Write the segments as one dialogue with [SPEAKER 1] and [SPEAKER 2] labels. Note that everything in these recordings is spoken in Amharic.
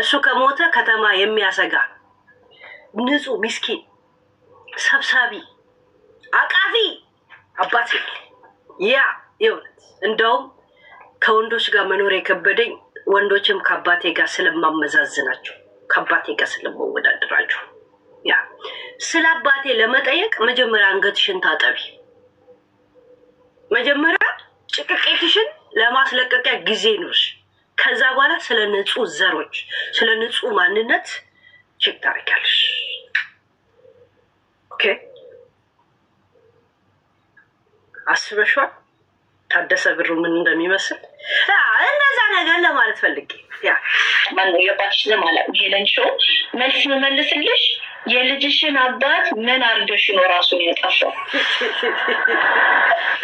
[SPEAKER 1] እሱ ከሞተ ከተማ የሚያሰጋ ንጹህ ሚስኪን ሰብሳቢ አቃፊ አባት ያ የእውነት እንደውም ከወንዶች ጋር መኖር የከበደኝ ወንዶችም ከአባቴ ጋር ስለማመዛዝናቸው ከአባቴ ጋር ስለማወዳድራቸው ያ ስለ አባቴ ለመጠየቅ መጀመሪያ አንገትሽን ታጠቢ መጀመሪያ ጭቅቄትሽን ለማስለቀቂያ ጊዜ ኖርሽ ከዛ በኋላ ስለ ንጹህ ዘሮች ስለ ንጹህ ማንነት ቼክ ታደርጊያለሽ። ኦኬ አስበሽዋል? ታደሰ ብሩ ምን እንደሚመስል እነዛ ነገር ለማለት ፈልጌ ያ
[SPEAKER 2] ማነው የባሽ ለማለት ሄለን ሾ መልስ መመልስልሽ የልጅሽን አባት ምን አርገሽ ነው ራሱን ያጠፋው?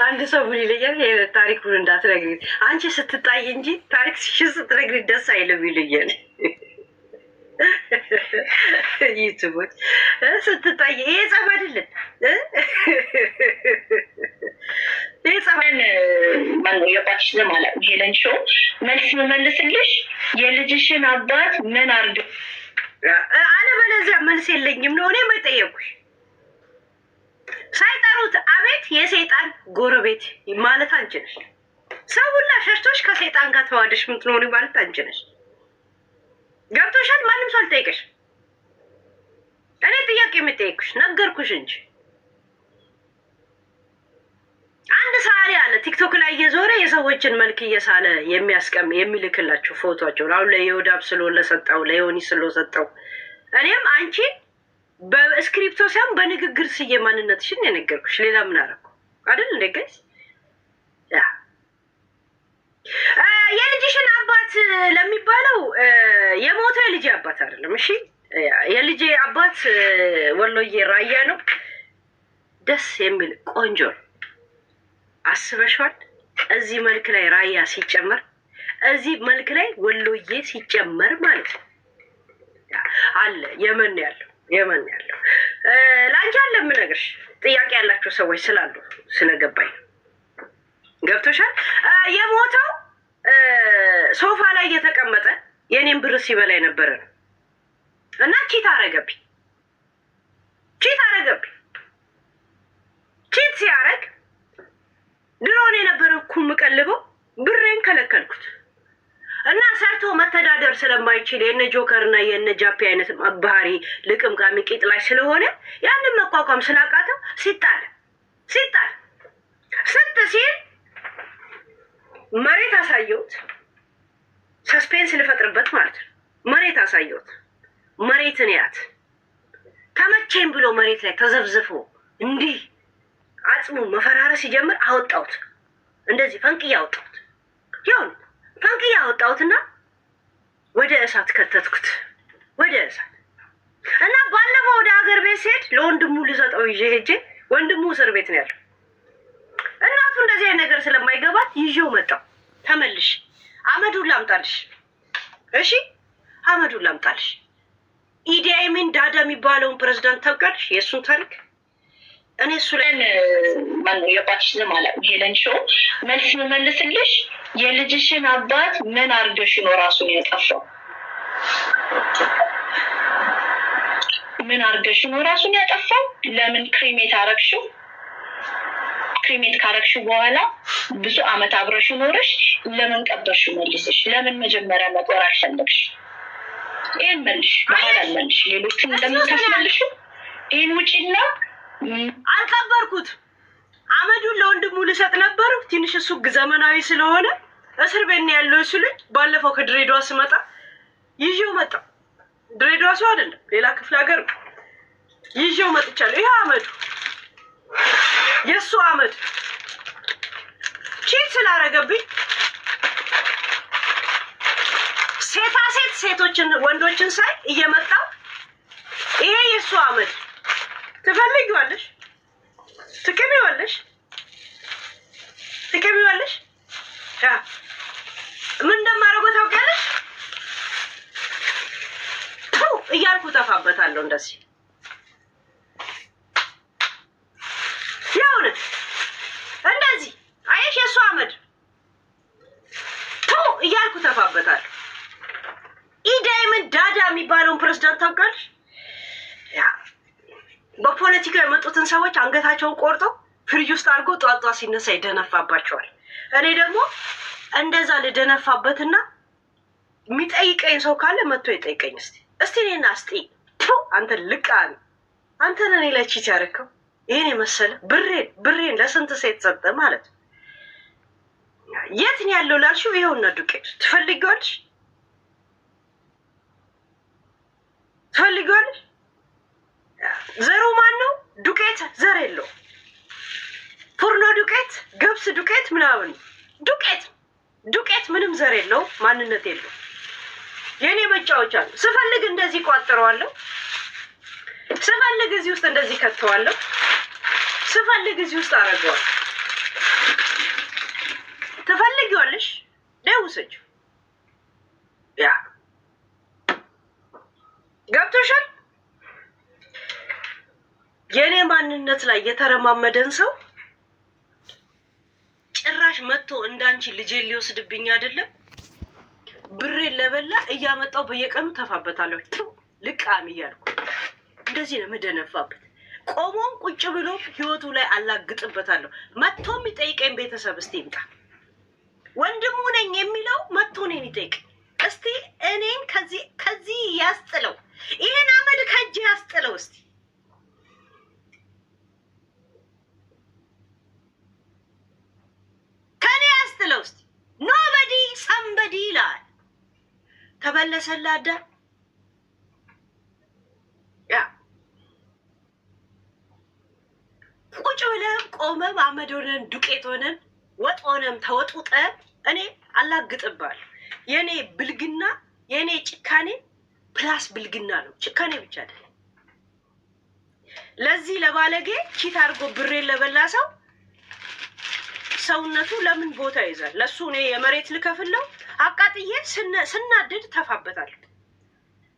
[SPEAKER 1] አንድ ሰው ምን ይለኛል፣ ታሪኩን እንዳትነግሪ አንቺ ስትጣይ እንጂ ታሪክ ሽን ስትነግሪ ደስ አይልም ይለኛል። ዩቱቦች ስትጣይ ይሄ ጸብ አይደለም። ይሄ ጸባን
[SPEAKER 2] ማለት ሄለን ሾ መልስ መመልስልሽ የልጅሽን አባት ምን አርገ
[SPEAKER 1] አለበለዚያ መልስ የለኝም ነው። እኔ መጠየቁሽ ሳይጠሩት አቤት የሰይጣን ጎረቤት ማለት አንቺ ነሽ። ሰው ሁላ ሸሽቶሽ ከሰይጣን ጋር ተዋደሽ የምትኖሪ ማለት አንቺ ነሽ። ገብቶሻል? ማንም ሰው አልጠየቀሽ። እኔ ጥያቄ የምጠየቅሽ ነገርኩሽ እንጂ ቲክቶክ ላይ እየዞረ የሰዎችን መልክ እየሳለ የሚያስቀም የሚልክላቸው ፎቶቸውን አሁን ለዮዳብ ስሎ ለሰጠው ለዮኒ ስሎ ሰጠው። እኔም አንቺ በስክሪፕቶ ሳይሆን በንግግር ስዬ ማንነትሽን የነገርኩሽ ሌላ ምን አደረኩ አይደል? እንደገስ የልጅሽን አባት ለሚባለው የሞተ የልጅ አባት አይደለም። እሺ የልጅ አባት ወሎዬ ራያ ነው። ደስ የሚል ቆንጆ ነው። አስበሽዋል? እዚህ መልክ ላይ ራያ ሲጨመር እዚህ መልክ ላይ ወሎዬ ሲጨመር ማለት ነው አለ የመን ያለው የመን ያለው ለአንቺ አለ የምነግርሽ ጥያቄ ያላቸው ሰዎች ስላሉ ስለገባኝ ገብቶሻል። የሞተው ሶፋ ላይ እየተቀመጠ የኔን ብር ሲበላ የነበረ ነው እና ቺት አረገብኝ ቺት አረገብኝ ቺት ሲያረግ ድሮን የነበረ ነበር እኮ የምቀልበው ብሬን ከለከልኩት እና ሰርቶ መተዳደር ስለማይችል የነ ጆከር እና የነ ጃፒ አይነት ባህሪ ልቅም ጋሚ ቂጥ ላይ ስለሆነ ያንን መቋቋም ስላቃተው ሲጣል ሲጣል ስጥ ሲል መሬት አሳየሁት። ሰስፔንስ ልፈጥርበት ማለት ነው። መሬት አሳየሁት። መሬትን ያት ተመቼም ብሎ መሬት ላይ ተዘብዝፎ እንዲህ አጽሙ መፈራረስ ሲጀምር አወጣሁት። እንደዚህ ፈንቅዬ አወጣሁት። ያው ፈንቅዬ አወጣሁትና ወደ እሳት ከተትኩት። ወደ እሳት እና ባለፈው ወደ ሀገር ቤት ሲሄድ ለወንድሙ ልሰጠው ይዤ ሄጄ ወንድሙ እስር ቤት ነው ያለው። እናቱ እንደዚህ አይነት ነገር ስለማይገባት ይዤው መጣው ተመልሽ አመዱን ላምጣልሽ፣ እሺ አመዱን ላምጣልሽ። ኢዲ አሚን ዳዳ የሚባለውን ፕሬዝዳንት ታውቂያለሽ? የእሱን ታሪክ እኔ እሱ ላይ
[SPEAKER 2] ማነው የባችንም አላውቅም። ሄለን ሾው መልስ የመልስልሽ የልጅሽን አባት ምን አርገሽ ነው ራሱን ያጠፋው? ምን አርገሽ ነው ራሱን ያጠፋው? ለምን ክሪሜት አረግሽው? ክሪሜት ካረግሽ በኋላ ብዙ አመት አብረሽ ኖረሽ ለምን ቀበርሽ? መልስሽ ለምን መጀመሪያ መቆር አልፈለግሽ? ይህን መልሽ፣ ባህል አልመልሽ፣ ሌሎቹን ለምን ታስመልሹ? ይህን ውጭና
[SPEAKER 1] አልቀበርኩት። አመዱን ለወንድሙ ልሰጥ ነበር። ትንሽ እሱ ዘመናዊ ስለሆነ እስር ቤት ነው ያለው እሱ ልጅ። ባለፈው ከድሬዳዋ ስመጣ ይዤው መጣ። ድሬዳዋ ሰው አይደለም፣ ሌላ ክፍለ ሀገር ይዤው መጥቻለሁ። ይሄ አመዱ የእሱ አመድ ቺት ስላደረገብኝ ሴታ ሴት ሴቶችን ወንዶችን ሳይ እየመጣ ይሄ የእሱ አመድ ትፈልጊዋለሽ፣ ትቅሚዋለሽ፣ ትቅሚዋለሽ። ምን እንደማደርገው ታውቂያለሽ? ተው እያልኩ ጠፋበታለሁ እንደዚህ የእውነት እንደዚህ አየሽ፣ የእሱ አመድ ተው እያልኩ ጠፋበታለሁ። ኢዳይምን ዳዳ የሚባለውን ፕሬዝዳንት ታውቃለሽ? በፖለቲካ የመጡትን ሰዎች አንገታቸውን ቆርጦ ፍሪጅ ውስጥ አድርጎ ጧጧ ሲነሳ ይደነፋባቸዋል። እኔ ደግሞ እንደዛ ልደነፋበትና የሚጠይቀኝ ሰው ካለ መጥቶ ይጠይቀኝ። እስቲ እስቲ እኔና እስቲ አንተ ልቃ አንተን እኔ ለቺት ቺት ያደረከው ይህን የመሰለ ብሬን ብሬን ለስንት ሴት ሰጠ ማለት ነው። የት ነው ያለው ላልሽው፣ ይኸውና ዱቄቱ ትፈልጊዋለሽ ትፈልጊዋለሽ ዘሩ ማን ነው? ዱቄት ዘር የለው ፉርኖ ዱቄት፣ ገብስ ዱቄት ምናምን ዱቄት ዱቄት ምንም ዘር የለው ማንነት የለው። የእኔ መጫወቻ ነው። ስፈልግ እንደዚህ ቋጥረዋለሁ፣ ስፈልግ እዚህ ውስጥ እንደዚህ ከተዋለሁ፣ ስፈልግ እዚህ ውስጥ አረገዋል። ትፈልጊዋለሽ ደውሰች ያ ገብቶሻል። የእኔ ማንነት ላይ የተረማመደን ሰው ጭራሽ መጥቶ እንዳንቺ ልጄን ሊወስድብኝ አይደለም ብሬን ለበላ እያመጣው በየቀኑ ተፋበታለሁ። ልቃም እያልኩ እንደዚህ ነው የምደነፋበት። ቆሞም ቁጭ ብሎ ህይወቱ ላይ አላግጥበታለሁ። መጥቶ የሚጠይቀኝ ቤተሰብ እስቲ ይምጣ። ወንድሙ ነኝ የሚለው መጥቶ እኔን ይጠይቅ እስቲ። እኔን ከዚህ ከዚህ ያስጥለው፣ ይሄን አመድ ከእጅ ያስጥለው እስቲ። እንዲህ ይላል። ተመለሰላት ዳር ቁጭ ብለን ቆመም አመድ ሆነን ዱቄት ሆነን ወጥ ሆነም ተወጡጠን እኔ አላግጥባል። የእኔ ብልግና የእኔ ጭካኔ ፕላስ ብልግና ነው። ጭካኔ ብቻ አይደለም። ለዚህ ለባለጌ ኪት አድርጎ ብሬን ለበላ ሰው ሰውነቱ ለምን ቦታ ይዛል? ለእሱ እኔ የመሬት ልከፍለው አቃጥዬ ስናድድ ተፋበታል።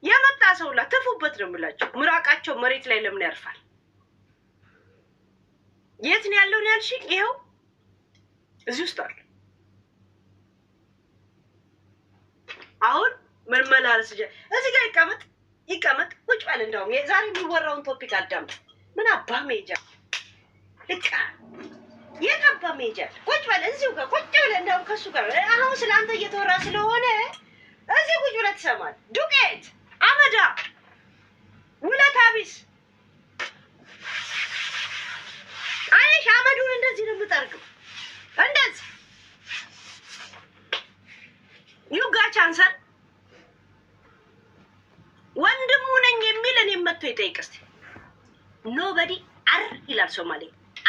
[SPEAKER 1] የመጣ ሰውላ ትፉበት ነው የምላቸው። ምራቃቸው መሬት ላይ ለምን ያርፋል? የት ነው ያለውን ያልሽ? ይኸው እዚህ ውስጥ አለ። አሁን መመላለስ እዚህ ጋር ይቀመጥ ይቀመጥ፣ ቁጭ በል። እንደውም ዛሬ የሚወራውን ቶፒክ አዳምጥ። ምን አባ ሜጃ ልቃ የገባ ሜጀር ቁጭ በል እዚሁ ጋር ቁጭ ብለህ እንደውም ከሱ ጋር አሁን ስለ አንተ እየተወራ ስለሆነ እዚህ ቁጭ ብለህ ትሰማለህ። ዱቄት አመዳ ውለታ ቢስ አይሽ አመዱን እንደዚህ ነው የምጠርግም እንደዚህ ዩጋ ቻንሰር ወንድሙ ነኝ የሚል እኔ መጥቶ ይጠይቅ እስኪ። ኖበዲ አር ይላል ሶማሌ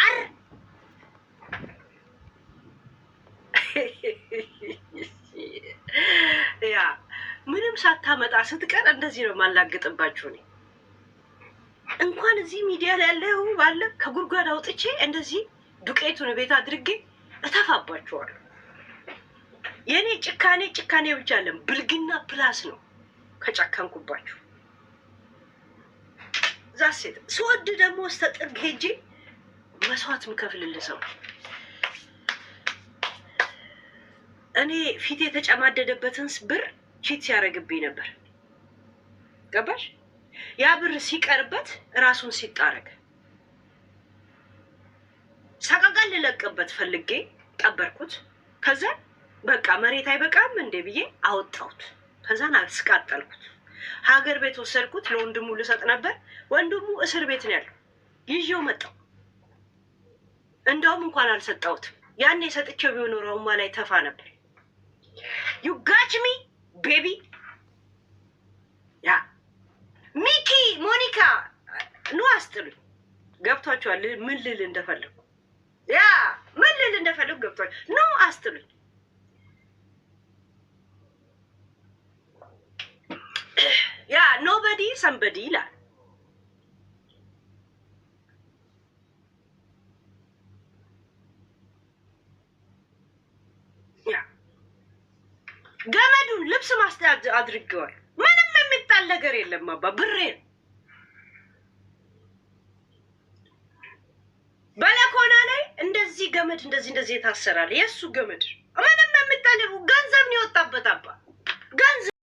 [SPEAKER 1] አር ያ ምንም ሳታመጣ ስትቀር እንደዚህ ነው የማላግጥባችሁ። እኔ እንኳን እዚህ ሚዲያ ላይ ያለው ባለ ከጉድጓድ አውጥቼ እንደዚህ ዱቄቱን ቤት አድርጌ እተፋባችኋለሁ። የእኔ ጭካኔ ጭካኔ ብቻ አለም ብልግና ፕላስ ነው ከጨከንኩባችሁ ዛሴት ስወድ ደግሞ እስከ ጥግ ሄጄ መስዋዕት ምከፍልልህ ሰው እኔ ፊት የተጨማደደበትን ብር ቺት ሲያደርግብኝ ነበር። ገባሽ? ያ ብር ሲቀርበት ራሱን ሲጣረግ ሰቀቀን ልለቅበት ፈልጌ ቀበርኩት። ከዛ በቃ መሬት አይበቃም እንዴ ብዬ አወጣሁት። ከዛን አስቃጠልኩት። ሀገር ቤት ወሰድኩት። ለወንድሙ ልሰጥ ነበር። ወንድሙ እስር ቤት ነው ያለው። ይዤው መጣሁ። እንደውም እንኳን አልሰጠሁትም። ያኔ ሰጥቼው ቢሆን ላይ ተፋ ነበር። ዩ ጋች ሚ ቤቢ ያ ሚኪ ሞኒካ ኑ አስጥሉኝ። ገብቷችኋል? ምን ልል እንደፈለግኩ ያ ምን ልል እንደፈለግኩ ገብቷችኋል? ኑ አስጥሉኝ። ያ ኖበዲ ሰንበዲ ይላል። ገመዱ ልብስ ማስቲያ አድርገዋል። ምንም የሚጣል ነገር የለም። አባ ብሬ በለኮና ላይ እንደዚህ ገመድ እንደዚህ እንደዚህ የታሰራል። የእሱ ገመድ ምንም የሚጣል ገንዘብ ነው የወጣበት አባ